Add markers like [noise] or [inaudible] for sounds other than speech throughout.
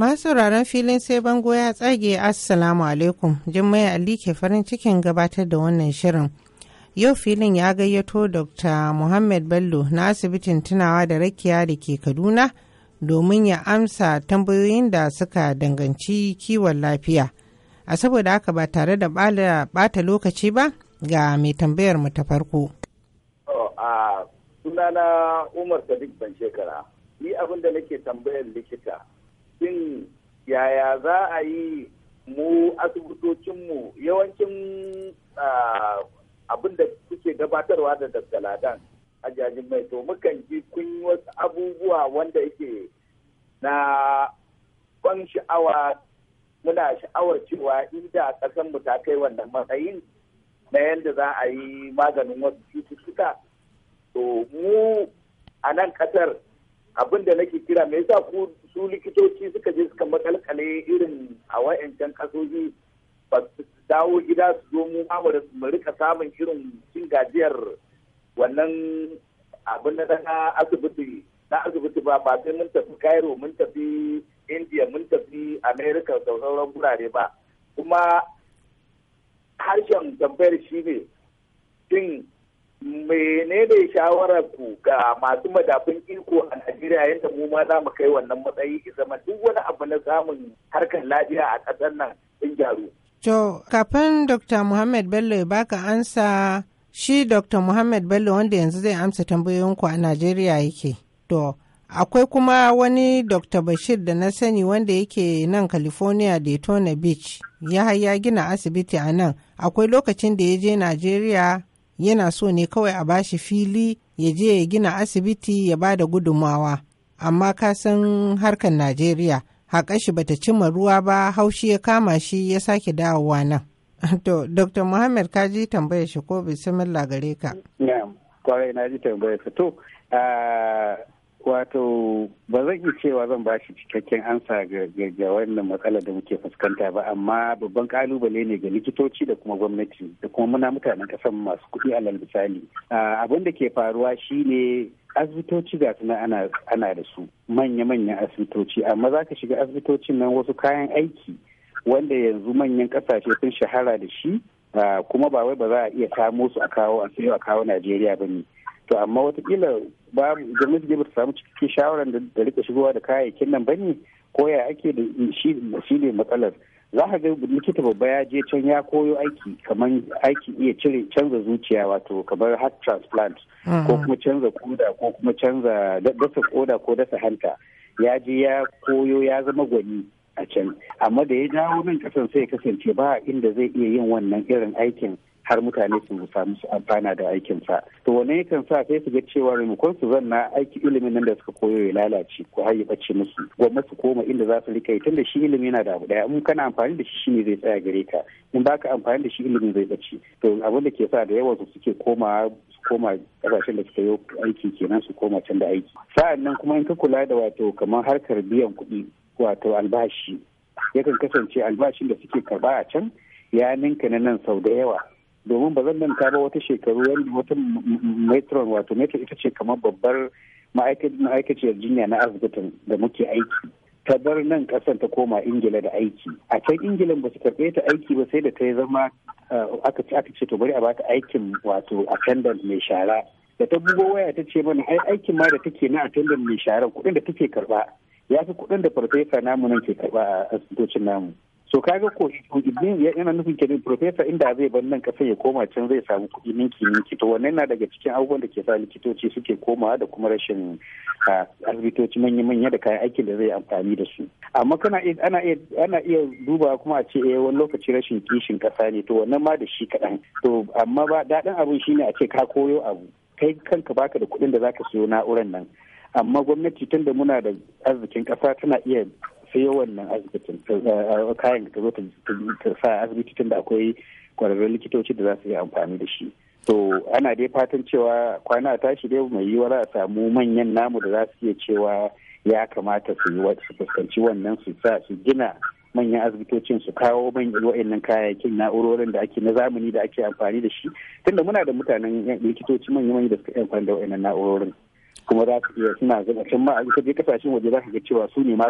Masu sauraron filin sai bango ya tsage Assalamu alaikum. Jummai Ali ke farin cikin gabatar da wannan shirin. Yau filin ya gayyato Dr. Muhammad Bello na asibitin tunawa da rakiya da ke Kaduna domin ya amsa tambayoyin da suka danganci kiwon lafiya. A saboda aka ba tare da bata lokaci ba ga mai tambayar mu ta farko. Sunana Umar Sadiq ban shekara, ni abin da nake tambayar likita shin yaya za a yi mu asibitocinmu yawancin abin da kuke gabatarwa da daskaladan a jajin mai to mukan ji kun wasu abubuwa wanda yake na ban sha'awa muna sha'awar cewa inda ƙasar mu ta kai wannan matsayin na yadda za a yi maganin wasu cututtuka to mu a nan ƙasar abin da nake kira me yasa ku su likitoci suka je suka makalkale irin a wa'ancan kasoji ba su dawo gida su zo mu su mu rika samun irin cin gajiyar wannan abin na asibiti na asibiti ba ba sai mun tafi cairo mun tafi india mun tafi america da sauran gurare ba kuma harshen tambayar shi ne menene shawarar ku ga masu madafin iko a Najeriya yadda mu ma za mu kai wannan matsayi zama duk wani abu na samun harkar lafiya a ƙasar nan in gyaru. To, kafin Dr. Muhammad Bello ya baka ansa shi Dr. Muhammad Bello wanda yanzu zai amsa tambayoyin ku a Najeriya yake. To, akwai kuma wani Dr. Bashir da na sani wanda yake nan California Daytona Beach ya ya gina asibiti a nan. Akwai lokacin da ya je Najeriya yana so ne kawai a bashi fili ya je ya gina asibiti ya ba da gudunmawa amma ka san harkar najeriya shi bata cima ruwa ba haushi ya kama shi ya sake dawowa nan [laughs] to dr muhammad ka ji tambayar shi ko bisimila gare ka kwarai na ji tambayar to ah, Wato ba zan iya cewa zan ba shi cikakken ansa ga wannan matsalar da muke fuskanta ba amma babban kalubale ne ga likitoci da kuma gwamnati da kuma muna mutanen kasan masu kuɗi alal misali. Abin da ke faruwa shine asibitoci ga suna ana da su manya-manyan asibitoci amma za ka shiga asibitocin nan wasu kayan aiki wanda yanzu manyan kasashe sun shahara da shi kuma ba wai ba za a iya samo su a kawo a sayo a kawo Najeriya ba ne. to amma watakila ba gwamnati ba bata samu cikakken shawarar da rika shigowa da kayayyakin nan ne ko ya ake da shi ne matsalar za ka ga likita babba ya je can ya koyo aiki kamar aiki iya cire canza zuciya wato kamar heart transplant mm-hmm. ko kuma canza koda ko kuma canza dasa koda ko dasa hanta ya je ya koyo ya zama gwani a can amma da ya dawo nan kasan sai kasance ba inda zai iya yin wannan irin aikin har mutane su samu su amfana da aikinsa to wannan yakan sa sai su ga cewa maimakon su zanna aiki ilimin nan da suka koyo ya lalace ko har ya bace musu gwamnati su koma inda za su rika tunda shi ilimi yana da abu daya in kana amfani da shi shine zai tsaya gare ka in baka amfani da shi ilimin zai bace to abin da ke sa da yawan su suke koma su koma kasashen da suka yi aiki kenan su koma can da aiki sa'an nan kuma in ka kula da wato kamar harkar biyan kuɗi wato albashi yakan kasance albashin da suke karba a can ya ninka na nan sau da yawa domin ba zan manta ba wata shekaru wanda wata matron wato matron ita ce kamar babbar ma'aikaciyar jinya na asibitin da muke aiki ta bar nan kasan ta koma ingila da aiki a can ingila ba su karɓe ta aiki ba sai da ta zama eh, aka ce aka ce to bari a bata aikin wato attendant mai shara da ta bugo waya ta ce mana ai aikin ma da take na attendant mai shara kuɗin da take karɓa ya fi kuɗin da farfesa namu nan ke karɓa a asibitocin namu so kaga ko ibin yana nufin kenan profesa inda zai bar nan kasa ya koma can zai samu kuɗi ninki ninki to wannan na daga cikin abubuwan da ke sa likitoci suke komawa da kuma rashin asibitoci manya manya da kayan aikin da zai amfani da su amma kana ana iya ana iya duba kuma a ce eh wani lokaci rashin kishin kasa ne to wannan ma da shi kaɗan to amma ba daɗin abin ne a ce ka koyo abu kai kanka baka da kuɗin da zaka siyo na'urar nan amma gwamnati tunda muna da arzikin ƙasa tana iya sai wannan asibitin eh, kayan da zo ta sa asibiti da akwai kwararrun likitoci da za su yi amfani da shi to ana dai fatan cewa kwana tashi dai mai yiwuwa za a samu manyan namu da za su iya cewa ya kamata su yi su fuskanci wannan su sa su gina manyan asibitocin su kawo manyan wa'annan kayayyakin na'urorin da ake na zamani da ake amfani da shi tunda muna da mutanen likitoci manya-manya da suka amfani da wa'annan na'urorin kuma za ka suna zama can ma a dai kasashen waje za ka ga cewa su ne ma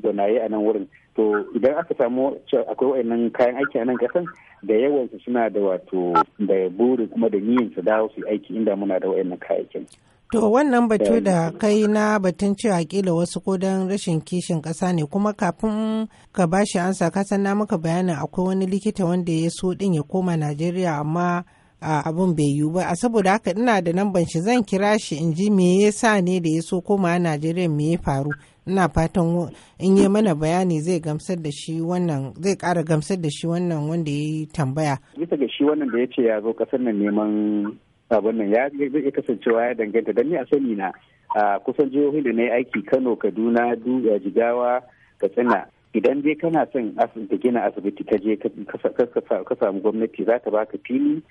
gwanaye a nan wurin to idan aka samu akwai wayannan kayan aiki a nan kasan da yawan su suna da wato da buri kuma da niyyar su dawo su aiki inda muna da wayannan kayayyakin to wannan batu da kai na batun cewa kila wasu ko dan rashin kishin kasa ne kuma kafin ka bashi ansa ka san na maka bayanin akwai wani likita wanda ya so din ya koma Najeriya amma abun bai yiwu ba saboda haka ina da nan ban shi zan kira shi in ji me yasa ne da ya so koma najeriya me ya faru ina fatan in yi mana bayani zai gamsar da shi wannan zai kara gamsar da shi wannan wanda ya yi tambaya bisa ga shi wannan da ya ce ya zo kasar nan neman abin nan ya zai kasancewa ya danganta don ni a sani na a kusan jihohin da na yi aiki kano kaduna jigawa katsina idan dai kana son asibiti gina asibiti ta je ka samu gwamnati za ta baka fili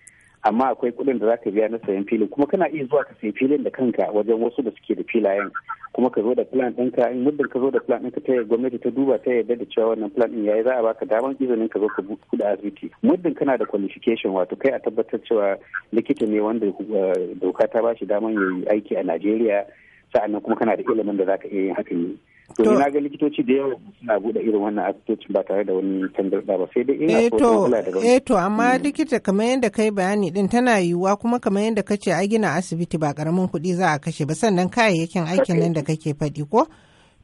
amma akwai kuɗin da zaka biya na sayan filin kuma kana iya zuwa ka sayi filin da kanka wajen wasu da suke da filayen kuma ka zo da plan ɗinka in muddin ka zo da plan ɗinka ta yi gwamnati ta duba ta yarda da cewa wannan plan ɗin yayi za a baka daman izinin ka zo ka buɗe asibiti muddin kana da qualification wato kai a tabbatar cewa likita ne wanda eh, doka ta ba shi daman yi aiki a Najeriya sa'annan kuma kana da ilimin da zaka iya yin hakan ne. to na ga likitoci da yawa suna bude irin wannan asibitocin ba tare da wani tangarda ba sai dai ina ko da ba. eh to amma hmm. likita kamar yadda kai bayani din tana yiwuwa kuma kamar yadda kace a gina asibiti ba karamin kuɗi za a kashe ba sannan kayayyakin aikin nan da kake faɗi ko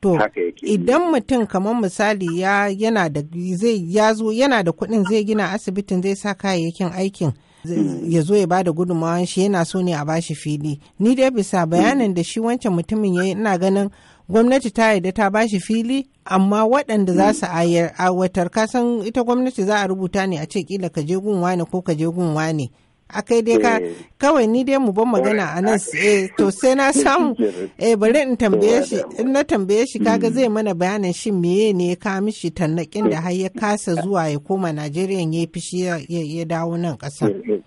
to idan mutum kamar misali ya yana da zai ya zo yana da kuɗin zai gina asibitin zai sa kayayyakin aikin Hmm. ya zo ya bada gudunmawan shi yana so ne a bashi fili ni dai bisa hmm. bayanin da shi wancan mutumin ya yi ina ganin gwamnati ta yarda ta bashi fili amma waɗanda za hmm. su aiwatar kasan ita gwamnati za a rubuta ne a ce kila ka je gunwa ne ko ka je gunwa ne akai dai ka eh. kawai ni dai mu ban magana a nan eh to sai na [laughs] samu eh bari in tambaye shi in na tambaye shi kaga mm. zai mana bayanin shin meye ne ya ka mishi tannakin da har ya kasa zuwa ya koma Najeriya ya fishi ya dawo nan ƙasa. Eh, eh,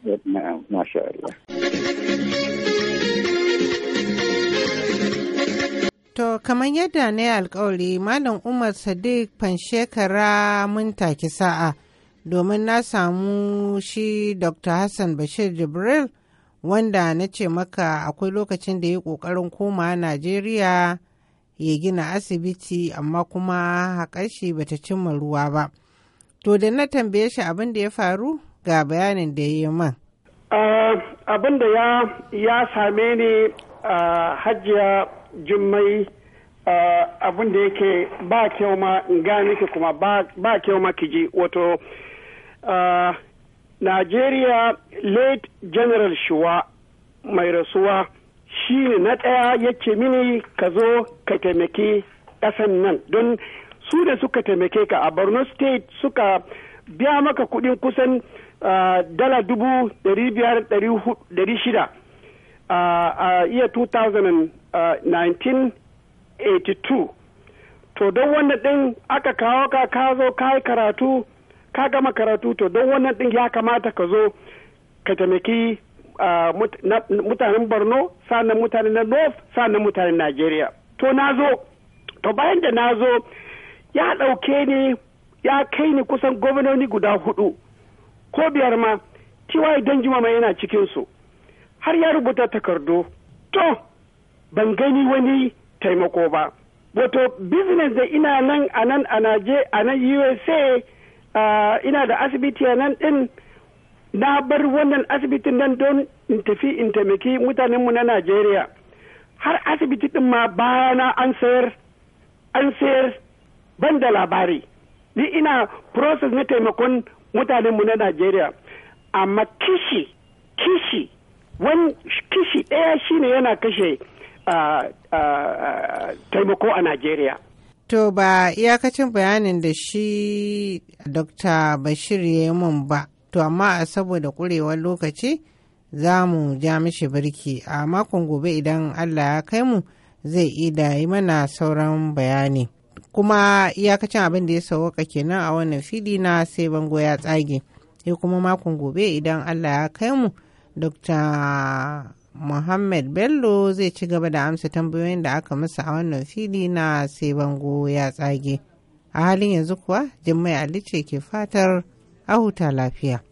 to, kamar yadda na yi alkawari, Malam Umar Sadiq Fanshekara mun take sa'a domin na samu shi dr hassan bashir jibril wanda na ce maka akwai lokacin da ya ƙoƙarin koma najeriya ya gina asibiti amma kuma ba bata cimma ruwa ba to da na tambaye shi abin da ya faru ga bayanin da ya yi man abin da ya same ni Hajiya jummai abin da yake ba kyau ma in gane ki kuma ba kyau ma ki ji wato Najeriya late General Shuwa mai rasuwa shi ne na ɗaya yace mini ka zo ka taimaki ƙasan nan don su da suka taimake ka a Borno State suka biya maka kuɗin kusan dala dubu ɗari biyar ɗari shida a iya 2019 to don wanda ɗin aka kawo ka ka zo ka yi karatu ka gama karatu to don wannan ɗin ya kamata ka zo ka taimaki mutanen borno sannan mutanen na north sannan mutanen nigeria to na zo to bayan da na zo ya ɗauke ni ya kai ni kusan gwamnoni guda hudu ko biyar ma tiwaye don jimama yana cikinsu har ya rubuta takardu to ban gani wani taimako ba wato business da ina nan a nan a a nan usa Ah, ina da asibiti a nan ɗin na bar wannan asibitin nan don in tafi in taimaki mutanenmu na najeriya har asibiti ɗin ma bayana an sayar an sayar ban da labari ni ina process na taimakon mutanenmu na najeriya amma kishi kishi wani kishi ɗaya shine yana kashe ah, ah, taimako a najeriya To ba iyakacin bayanin da shi Dr. Bashir ya yi mun ba, to amma a saboda ƙurewar lokaci za mu ja mishi birki a makon gobe idan Allah ya kai mu zai ida yi mana sauran bayani. Kuma iyakacin abin da ya sauwaka kenan a wannan fili na sai bango ya tsage. Sai kuma makon gobe idan Allah ya kai mu Dr. Muhammad Bello zai ci gaba da amsa tambayoyin da aka masa a wannan fili na sai bango ya tsage. A halin yanzu kuwa Jummai Ali ce ke fatar a huta lafiya.